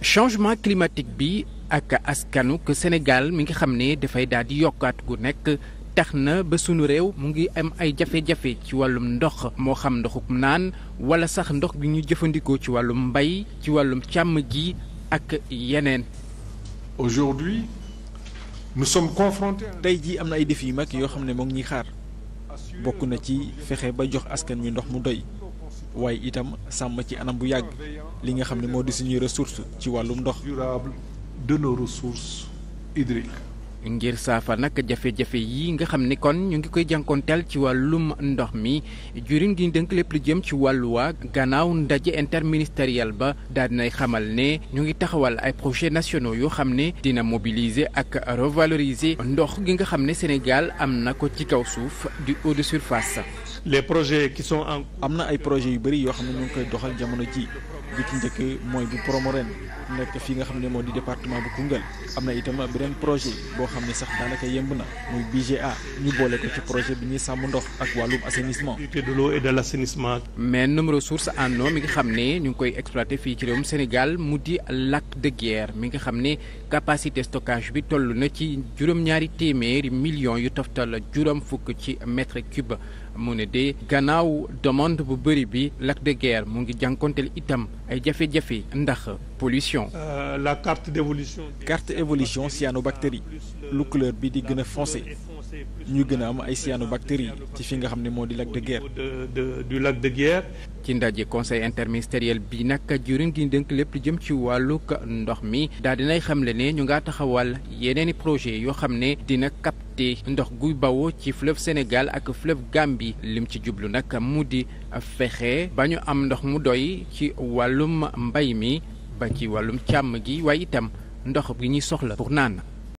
changement climatique bi ak askanu que Sénégal mi nga xam ne dafay daal di yokkaat gu nekk tax na ba sunu réew mu ngi am ay jafe-jafe ci wàllum ndox moo xam ndoxuk naan wala sax ndox bi ñu jëfandikoo ci wàllum mbay ci wàllum càmm ji ak yeneen. aujourd'hui nous sommes confrontés. tey jii am na ay défis yu mag yoo xam ne moom ñuy xaar bokk na ci fexe ba jox askan wi ndox mu doy. waaye itam sàmm ci anam bu yàgg li nga xam ne moo di suñuy ressources ci wàllum ndox. durable de nos ressources hydriques. ngir saafara nag jafe-jafe yi nga xam ni kon ñu ngi koy jànkoonteel ci wàllum ndox mi juriñ gi dënk lépp lu jëm ci wàllu waa gannaaw ndaje interministériel ba daal nay xamal ne ñu ngi taxawal ay projet nationaux yoo xam ne dina mobiliser ak revaloriser ndox gi nga xam ne Sénégal am na ko ci kaw suuf du eau de surface. les projets qui sont en am na ay projets yu bari yoo xam ne ñu koy doxal jamono jii bi ci njëkk mooy bu Promoren nekk fi nga xam ne moo di département bi Koungheul am na itam beneen projet boo xam ne sax daanaka yemb na muy BGA ñu boole ko ci projet bi ñu sàmm ndox ak wàllum assainissement. de l'eau et de l'assainissement. mais nombre ressource en mi nga xam ne ñu ngi koy exploité fii ci réewum Sénégal mu di lakk de Guiers mi nga xam ne capacité stockage bi toll na ci juróom-ñaari téeméeri millions yu toftal juróom fukk ci mètre cube mu ne de gannaaw demande bu bëri bi lakk de Guiers ngi jànkonteel itam. ay jafe-jafe ndax pollution. Euh, la carte d'évolution. carte évolution euh, cyanobactérie lu couleur bi di gën a foncé ñu gën a am ay cyanobactéries ci fi nga xam ne moo di lac de Guiers. du lac de Guiers. ci ndaje conseil interministériel bi nag jëwriñ gi dënk lépp jëm ci wàllug ndox mi daal xam xamle ni ñu ngaa taxawal yeneeni projet yoo xam ne dina capter ndox guy bawoo ci fleuve Sénégal ak fleuve Gambie lim ci jublu nag mu di fexe ba ñu am ndox mu doy ci wàllum mbay mi ba ci wàllum càmm gi waaye itam ndox gi ñuy soxla pour naan.